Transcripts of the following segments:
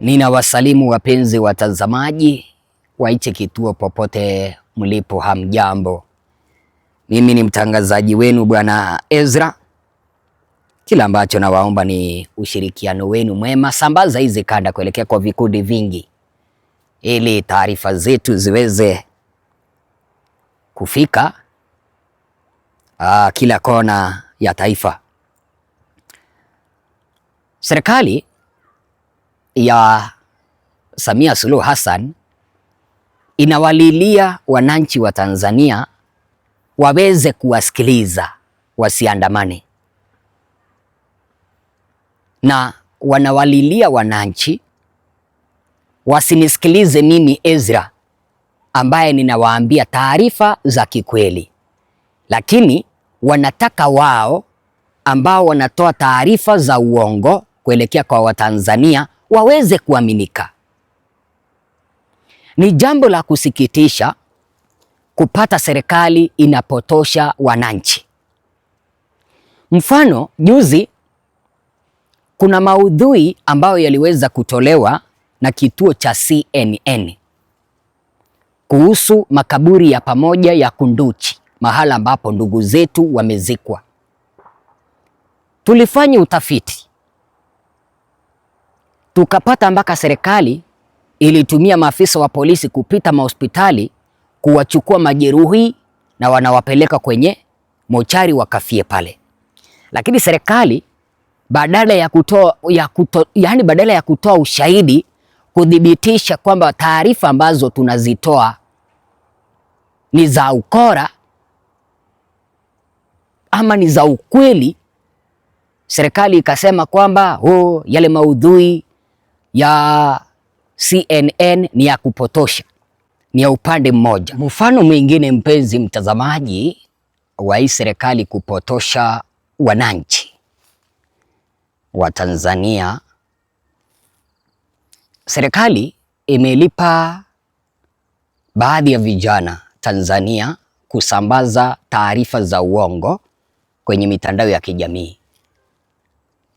Ninawasalimu wapenzi watazamaji wa hichi kituo popote mlipo, hamjambo. Mimi ni mtangazaji wenu Bwana Ezra. Kila ambacho nawaomba ni ushirikiano wenu mwema, sambaza hizi kanda kuelekea kwa vikundi vingi, ili taarifa zetu ziweze kufika aa, ah, kila kona ya taifa. Serikali ya Samia Suluhu Hassan inawalilia wananchi wa Tanzania waweze kuwasikiliza wasiandamane, na wanawalilia wananchi wasinisikilize mimi Ezra ambaye ninawaambia taarifa za kikweli, lakini wanataka wao ambao wanatoa taarifa za uongo kuelekea kwa Watanzania waweze kuaminika. Ni jambo la kusikitisha kupata serikali inapotosha wananchi. Mfano, juzi kuna maudhui ambayo yaliweza kutolewa na kituo cha CNN kuhusu makaburi ya pamoja ya Kunduchi, mahala ambapo ndugu zetu wamezikwa. Tulifanya utafiti tukapata mpaka serikali ilitumia maafisa wa polisi kupita mahospitali kuwachukua majeruhi na wanawapeleka kwenye mochari wakafie pale, lakini serikali badala ya kutoa ya kuto, yani badala ya kutoa ushahidi kudhibitisha kwamba taarifa ambazo tunazitoa ni za ukora ama ni za ukweli, serikali ikasema kwamba oh, yale maudhui ya CNN ni ya kupotosha, ni ya upande mmoja. Mfano mwingine, mpenzi mtazamaji, wa hii serikali kupotosha wananchi wa Tanzania, serikali imelipa baadhi ya vijana Tanzania kusambaza taarifa za uongo kwenye mitandao ya kijamii.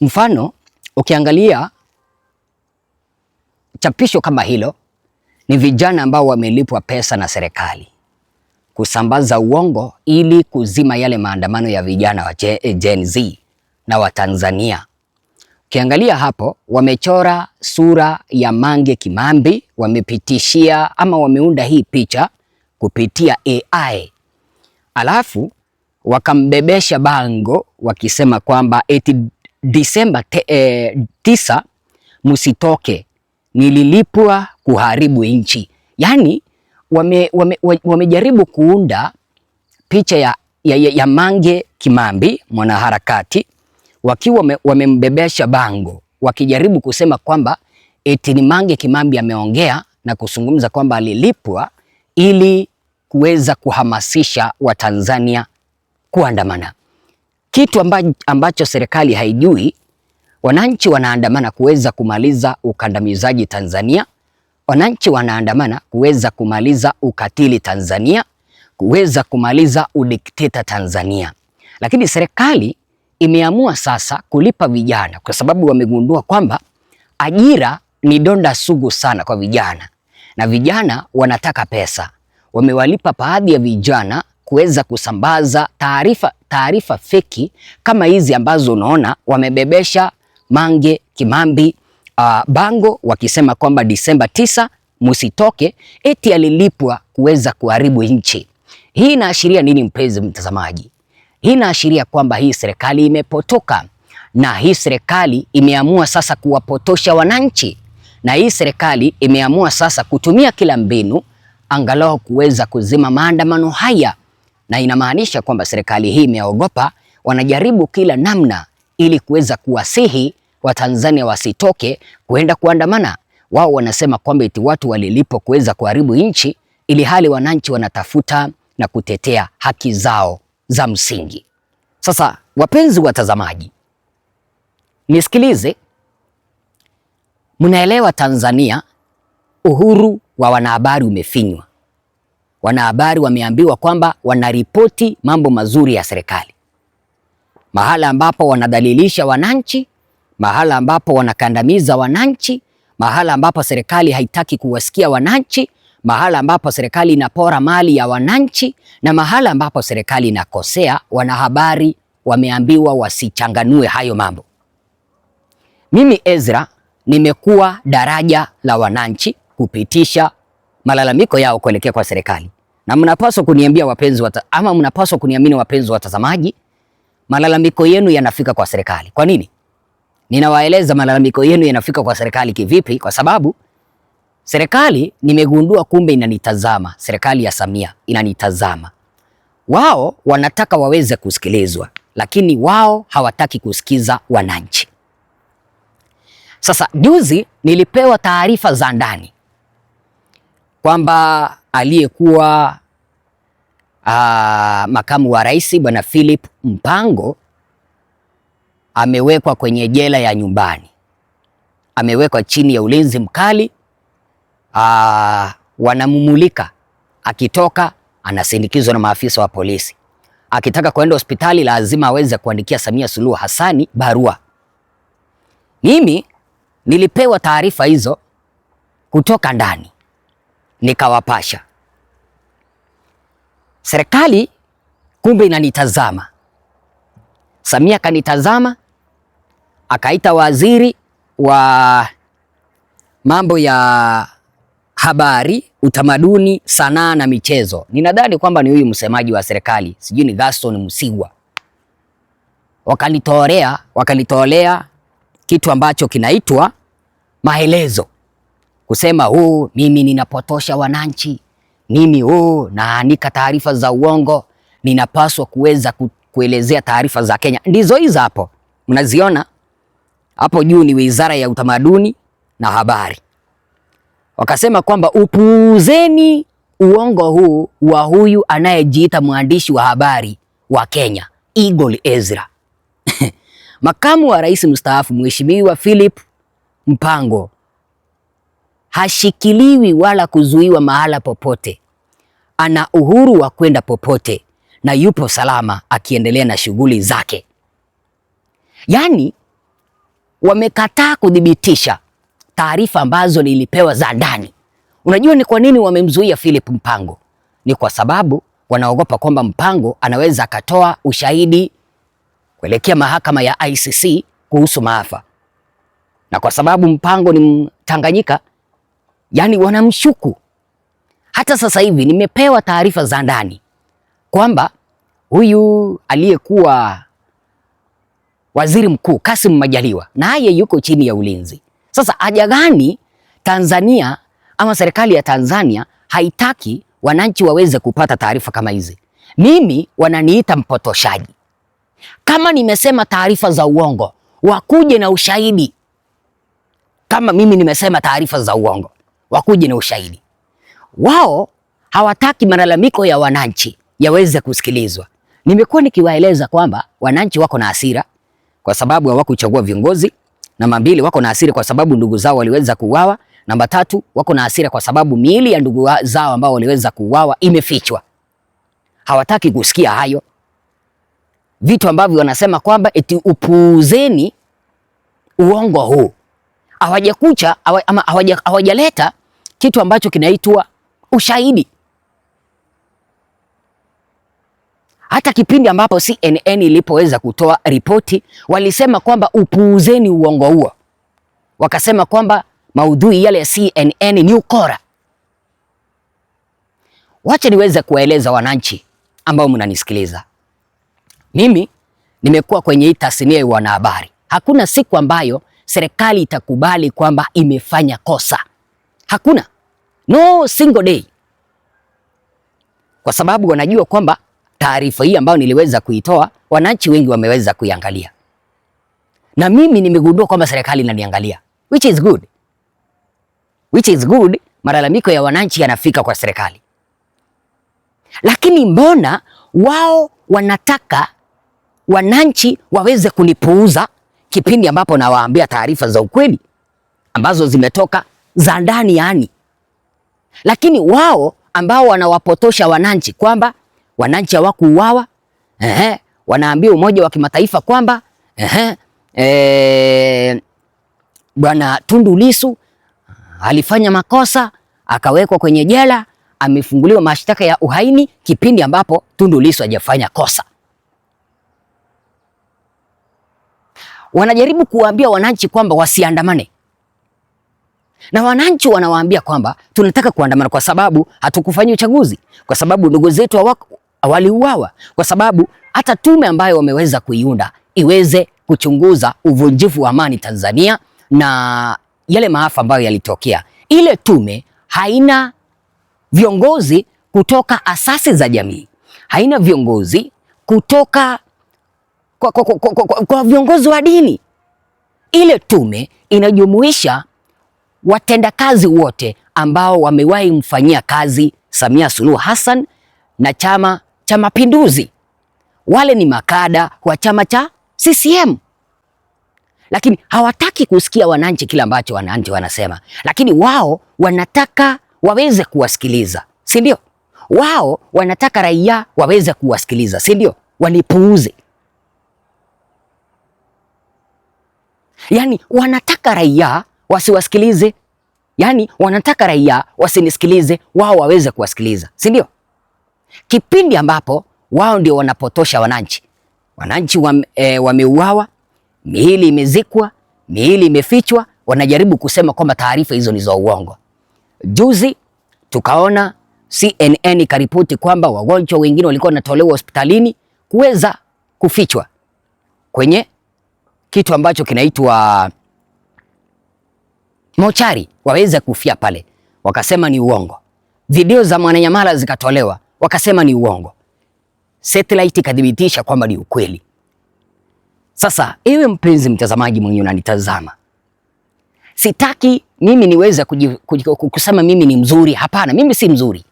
Mfano ukiangalia Chapisho kama hilo ni vijana ambao wamelipwa pesa na serikali kusambaza uongo ili kuzima yale maandamano ya vijana wa Gen eh, Z na Watanzania. Ukiangalia hapo, wamechora sura ya Mange Kimambi, wamepitishia ama wameunda hii picha kupitia AI, alafu wakambebesha bango wakisema kwamba eti Disemba 9 eh, msitoke nililipwa kuharibu nchi. Yaani wamejaribu wame, wame kuunda picha ya, ya, ya, ya Mange Kimambi mwanaharakati wakiwa wamembebesha wame bango wakijaribu kusema kwamba eti ni Mange Kimambi ameongea na kuzungumza kwamba alilipwa ili kuweza kuhamasisha Watanzania kuandamana, kitu amba, ambacho serikali haijui Wananchi wanaandamana kuweza kumaliza ukandamizaji Tanzania. Wananchi wanaandamana kuweza kumaliza ukatili Tanzania, kuweza kumaliza udikteta Tanzania. Lakini serikali imeamua sasa kulipa vijana, kwa sababu wamegundua kwamba ajira ni donda sugu sana kwa vijana, na vijana wanataka pesa. Wamewalipa baadhi ya vijana kuweza kusambaza taarifa taarifa feki kama hizi ambazo unaona wamebebesha Mange, Kimambi, uh, Bango wakisema kwamba Disemba tisa musitoke, eti alilipwa kuweza kuharibu nchi hii. Inaashiria nini, mpenzi mtazamaji? Hii inaashiria kwamba hii serikali imepotoka na hii serikali imeamua sasa kuwapotosha wananchi, na hii serikali imeamua sasa kutumia kila mbinu angalau kuweza kuzima maandamano haya, na inamaanisha kwamba serikali hii imeogopa, wanajaribu kila namna ili kuweza kuwasihi Watanzania wasitoke kuenda kuandamana. Wao wanasema kwamba eti watu walilipo kuweza kuharibu nchi, ili hali wananchi wanatafuta na kutetea haki zao za msingi. Sasa wapenzi watazamaji, nisikilize, mnaelewa Tanzania uhuru wa wanahabari umefinywa. Wanahabari wameambiwa kwamba wanaripoti mambo mazuri ya serikali, mahala ambapo wanadhalilisha wananchi, mahala ambapo wanakandamiza wananchi, mahala ambapo serikali haitaki kuwasikia wananchi, mahala ambapo serikali inapora mali ya wananchi, na mahala ambapo serikali inakosea. Wanahabari wameambiwa wasichanganue hayo mambo. Mimi Ezra nimekuwa daraja la wananchi kupitisha malalamiko yao kuelekea kwa serikali, na mnapaswa kuniambia wapenzi wata, ama mnapaswa kuniamini wapenzi watazamaji malalamiko yenu yanafika kwa serikali. Kwa nini? Ninawaeleza malalamiko yenu yanafika kwa serikali kivipi? Kwa sababu serikali nimegundua, kumbe inanitazama. Serikali ya Samia inanitazama. Wao wanataka waweze kusikilizwa, lakini wao hawataki kusikiza wananchi. Sasa juzi nilipewa taarifa za ndani kwamba aliyekuwa aa, ah, makamu wa rais bwana Philip Mpango amewekwa kwenye jela ya nyumbani, amewekwa chini ya ulinzi mkali aa, ah, wanamumulika akitoka anasindikizwa na maafisa wa polisi. Akitaka kuenda hospitali lazima aweze kuandikia Samia Suluhu Hassani barua. Mimi nilipewa taarifa hizo kutoka ndani nikawapasha. Serikali kumbe inanitazama. Samia akanitazama, akaita waziri wa mambo ya habari, utamaduni, sanaa na michezo. Ninadhani kwamba ni huyu msemaji wa serikali, sijui ni Gaston Msigwa. Wakanitolea, wakanitolea kitu ambacho kinaitwa maelezo, kusema huu mimi ninapotosha wananchi mimi oh, naanika taarifa za uongo, ninapaswa kuweza kuelezea taarifa za Kenya. Ndizo hizo hapo mnaziona hapo juu, ni Wizara ya Utamaduni na Habari. Wakasema kwamba upuuzeni uongo huu wa huyu anayejiita mwandishi wa habari wa Kenya Eagle Ezra. Makamu wa Rais mstaafu Mheshimiwa Philip Mpango hashikiliwi wala kuzuiwa mahala popote, ana uhuru wa kwenda popote na yupo salama akiendelea na shughuli zake. Yaani wamekataa kuthibitisha taarifa ambazo nilipewa za ndani. Unajua ni kwa nini wamemzuia Philip Mpango? Ni kwa sababu wanaogopa kwamba Mpango anaweza akatoa ushahidi kuelekea mahakama ya ICC kuhusu maafa, na kwa sababu Mpango ni Mtanganyika, yani wanamshuku. Hata sasa hivi nimepewa taarifa za ndani kwamba huyu aliyekuwa waziri mkuu Kassim Majaliwa naye yuko chini ya ulinzi. Sasa haja gani Tanzania ama serikali ya Tanzania haitaki wananchi waweze kupata taarifa kama hizi? Mimi wananiita mpotoshaji. Kama nimesema taarifa za uongo, wakuje na ushahidi kama mimi nimesema taarifa za uongo wakuje na ushahidi wao. Hawataki malalamiko ya wananchi yaweze kusikilizwa. Nimekuwa nikiwaeleza kwamba wananchi wako na hasira kwa sababu hawakuchagua viongozi. Namba mbili, wako na hasira kwa sababu ndugu zao waliweza kuuawa. Namba tatu, wako na hasira kwa sababu miili ya ndugu zao ambao waliweza kuuawa imefichwa. Hawataki kusikia hayo vitu ambavyo wanasema kwamba eti upuuzeni uongo huu. Hawajakucha ama hawajaleta kitu ambacho kinaitwa ushahidi. Hata kipindi ambapo CNN ilipoweza kutoa ripoti, walisema kwamba upuuzeni uongo huo, wakasema kwamba maudhui yale ya CNN ni ukora. Wacha niweze kuwaeleza wananchi ambao mnanisikiliza, mimi nimekuwa kwenye hii tasnia ya wanahabari. Hakuna siku ambayo serikali itakubali kwamba imefanya kosa. Hakuna, no single day, kwa sababu wanajua kwamba taarifa hii ambayo niliweza kuitoa wananchi wengi wameweza kuiangalia, na mimi nimegundua kwamba serikali inaniangalia, which is good, which is good. Malalamiko ya wananchi yanafika kwa serikali, lakini mbona wao wanataka wananchi waweze kunipuuza kipindi ambapo nawaambia taarifa za ukweli ambazo zimetoka za ndani yani, lakini wao ambao wanawapotosha wananchi kwamba wananchi hawakuuawa, ehe, wanaambia Umoja wa Kimataifa kwamba ehe, e, bwana Tundu Lissu alifanya makosa akawekwa kwenye jela, amefunguliwa mashtaka ya uhaini, kipindi ambapo Tundu Lissu hajafanya kosa. Wanajaribu kuwaambia wananchi kwamba wasiandamane, na wananchi wanawaambia kwamba tunataka kuandamana kwa sababu hatukufanya uchaguzi, kwa sababu ndugu zetu waliuawa, kwa sababu hata tume ambayo wameweza kuiunda iweze kuchunguza uvunjifu wa amani Tanzania na yale maafa ambayo yalitokea. Ile tume haina viongozi kutoka asasi za jamii, haina viongozi kutoka kwa, kwa, kwa, kwa, kwa, kwa viongozi wa dini. Ile tume inajumuisha watendakazi wote ambao wamewahi mfanyia kazi Samia Suluhu Hassan na Chama cha Mapinduzi. Wale ni makada wa chama cha CCM, lakini hawataki kusikia wananchi kile ambacho wananchi wanasema, lakini wao wanataka waweze kuwasikiliza, si ndio? Wao wanataka raia waweze kuwasikiliza, si ndio? Wanipuuze yaani wanataka raia wasiwasikilize. Yaani wanataka raia wasinisikilize, wao waweze kuwasikiliza, si ndio? Kipindi ambapo wao ndio wanapotosha wananchi. Wananchi wam, e, wameuawa, miili imezikwa, miili imefichwa, wanajaribu kusema kwamba taarifa hizo ni za uongo. Juzi tukaona CNN ikaripoti kwamba wagonjwa wengine walikuwa wanatolewa hospitalini kuweza kufichwa kwenye kitu ambacho kinaitwa mochari waweze kufia pale, wakasema ni uongo. Video za Mwananyamala zikatolewa, wakasema ni uongo. Satellite ikadhibitisha kwamba ni ukweli. Sasa ewe mpenzi mtazamaji mwenye unanitazama, sitaki mimi niweze kusema mimi ni mzuri. Hapana, mimi si mzuri,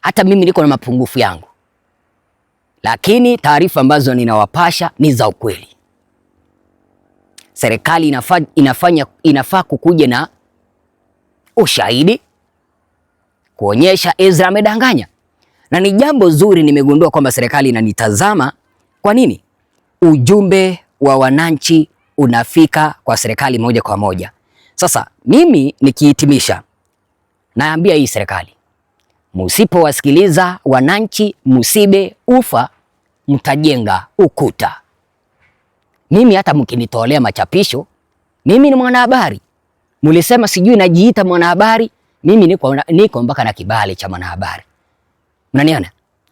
hata mimi niko na mapungufu yangu, lakini taarifa ambazo ninawapasha ni za ukweli serikali inafaa, inafanya, inafaa kukuja na ushahidi kuonyesha Ezra amedanganya, na ni jambo zuri. Nimegundua kwamba serikali inanitazama. Kwa nini? Ujumbe wa wananchi unafika kwa serikali moja kwa moja. Sasa mimi nikihitimisha, naambia hii serikali, msipowasikiliza wananchi, msibe ufa, mtajenga ukuta. Mimi hata mkinitolea machapisho, mimi ni mwanahabari. Mlisema sijui najiita mwanahabari, mimi niko niko mpaka na kibali cha mwanahabari. Mnaniona?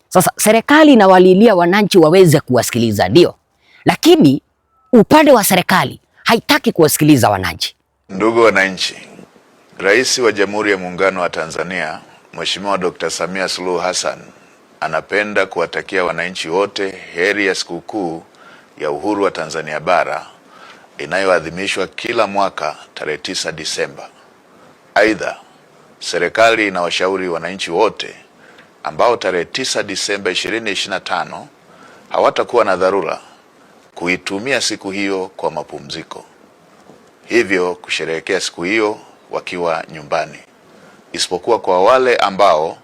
Sasa serikali inawalilia wananchi waweze kuwasikiliza, ndio, lakini upande wa serikali haitaki kuwasikiliza wananchi. Ndugu wananchi, Rais wa Jamhuri ya Muungano wa Tanzania Mheshimiwa Dr. Samia Suluhu Hassan anapenda kuwatakia wananchi wote heri ya sikukuu ya uhuru wa Tanzania bara inayoadhimishwa kila mwaka tarehe 9 Disemba. Aidha, serikali inawashauri wananchi wote ambao tarehe 9 Disemba 2025 hawatakuwa na dharura kuitumia siku hiyo kwa mapumziko, hivyo kusherehekea siku hiyo wakiwa nyumbani, isipokuwa kwa wale ambao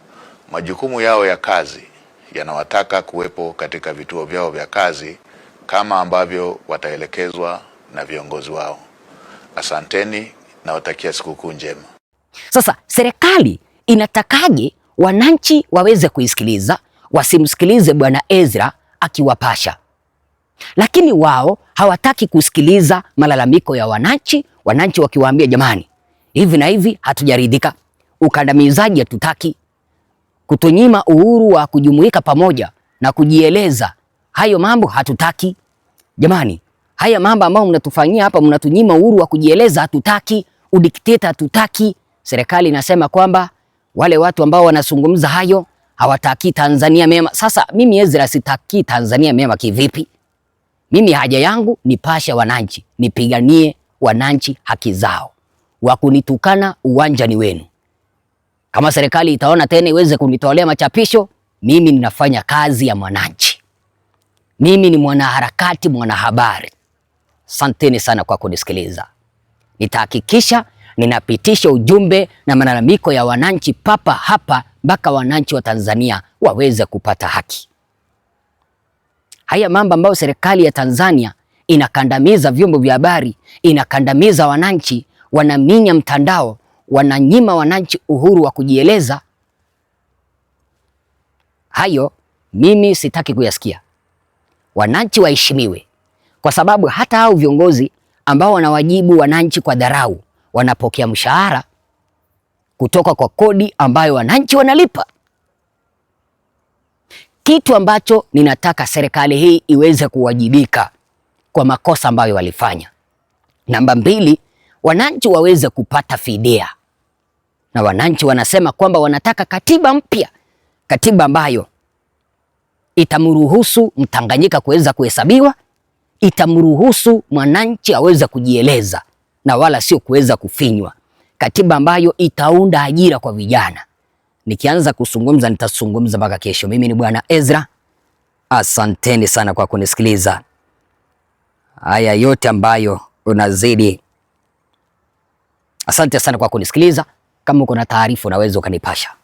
majukumu yao ya kazi yanawataka kuwepo katika vituo vyao vya kazi kama ambavyo wataelekezwa na viongozi wao. Asanteni, nawatakia sikukuu njema. Sasa serikali inatakaje wananchi waweze kuisikiliza, wasimsikilize bwana Ezra akiwapasha? Lakini wao hawataki kusikiliza malalamiko ya wananchi, wananchi wakiwaambia jamani, hivi na hivi hatujaridhika, ukandamizaji hatutaki, kutunyima uhuru wa kujumuika pamoja na kujieleza Hayo mambo hatutaki jamani. Haya mambo ambayo mnatufanyia hapa, mnatunyima uhuru wa kujieleza, hatutaki udikteta, hatutaki. Serikali inasema kwamba wale watu ambao wanazungumza hayo hawataki Tanzania mema. Sasa mimi Ezra sitaki Tanzania mema kivipi? Mimi haja yangu nipashe wananchi, nipiganie wananchi haki zao. Wa kunitukana uwanja ni wenu. Kama serikali itaona tena iweze kunitolea machapisho, mimi ninafanya kazi ya mwananchi. Mimi ni mwanaharakati, mwanahabari. Asanteni sana kwa kunisikiliza. Nitahakikisha ninapitisha ujumbe na malalamiko ya wananchi papa hapa mpaka wananchi wa Tanzania waweze kupata haki. Haya mambo ambayo serikali ya Tanzania inakandamiza vyombo vya habari, inakandamiza wananchi, wanaminya mtandao, wananyima wananchi uhuru wa kujieleza, hayo mimi sitaki kuyasikia wananchi waheshimiwe, kwa sababu hata hao viongozi ambao wanawajibu wananchi kwa dharau wanapokea mshahara kutoka kwa kodi ambayo wananchi wanalipa. Kitu ambacho ninataka serikali hii iweze kuwajibika kwa makosa ambayo walifanya. Namba mbili, wananchi waweze kupata fidia, na wananchi wanasema kwamba wanataka katiba mpya, katiba ambayo itamruhusu Mtanganyika kuweza kuhesabiwa, itamruhusu mwananchi aweze kujieleza na wala sio kuweza kufinywa, katiba ambayo itaunda ajira kwa vijana. Nikianza kusungumza nitazungumza mpaka kesho. Mimi ni Bwana Ezra, asanteni sana kwa kunisikiliza. Haya yote ambayo unazidi, asante sana kwa kunisikiliza. Kama uko na taarifa unaweza ukanipasha.